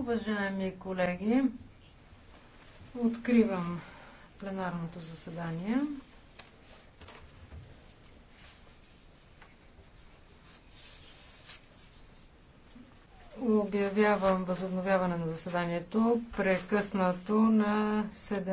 Уважаеми колеги, откривам пленарното заседание. Обявявам възобновяване на заседанието, прекъснато на 7.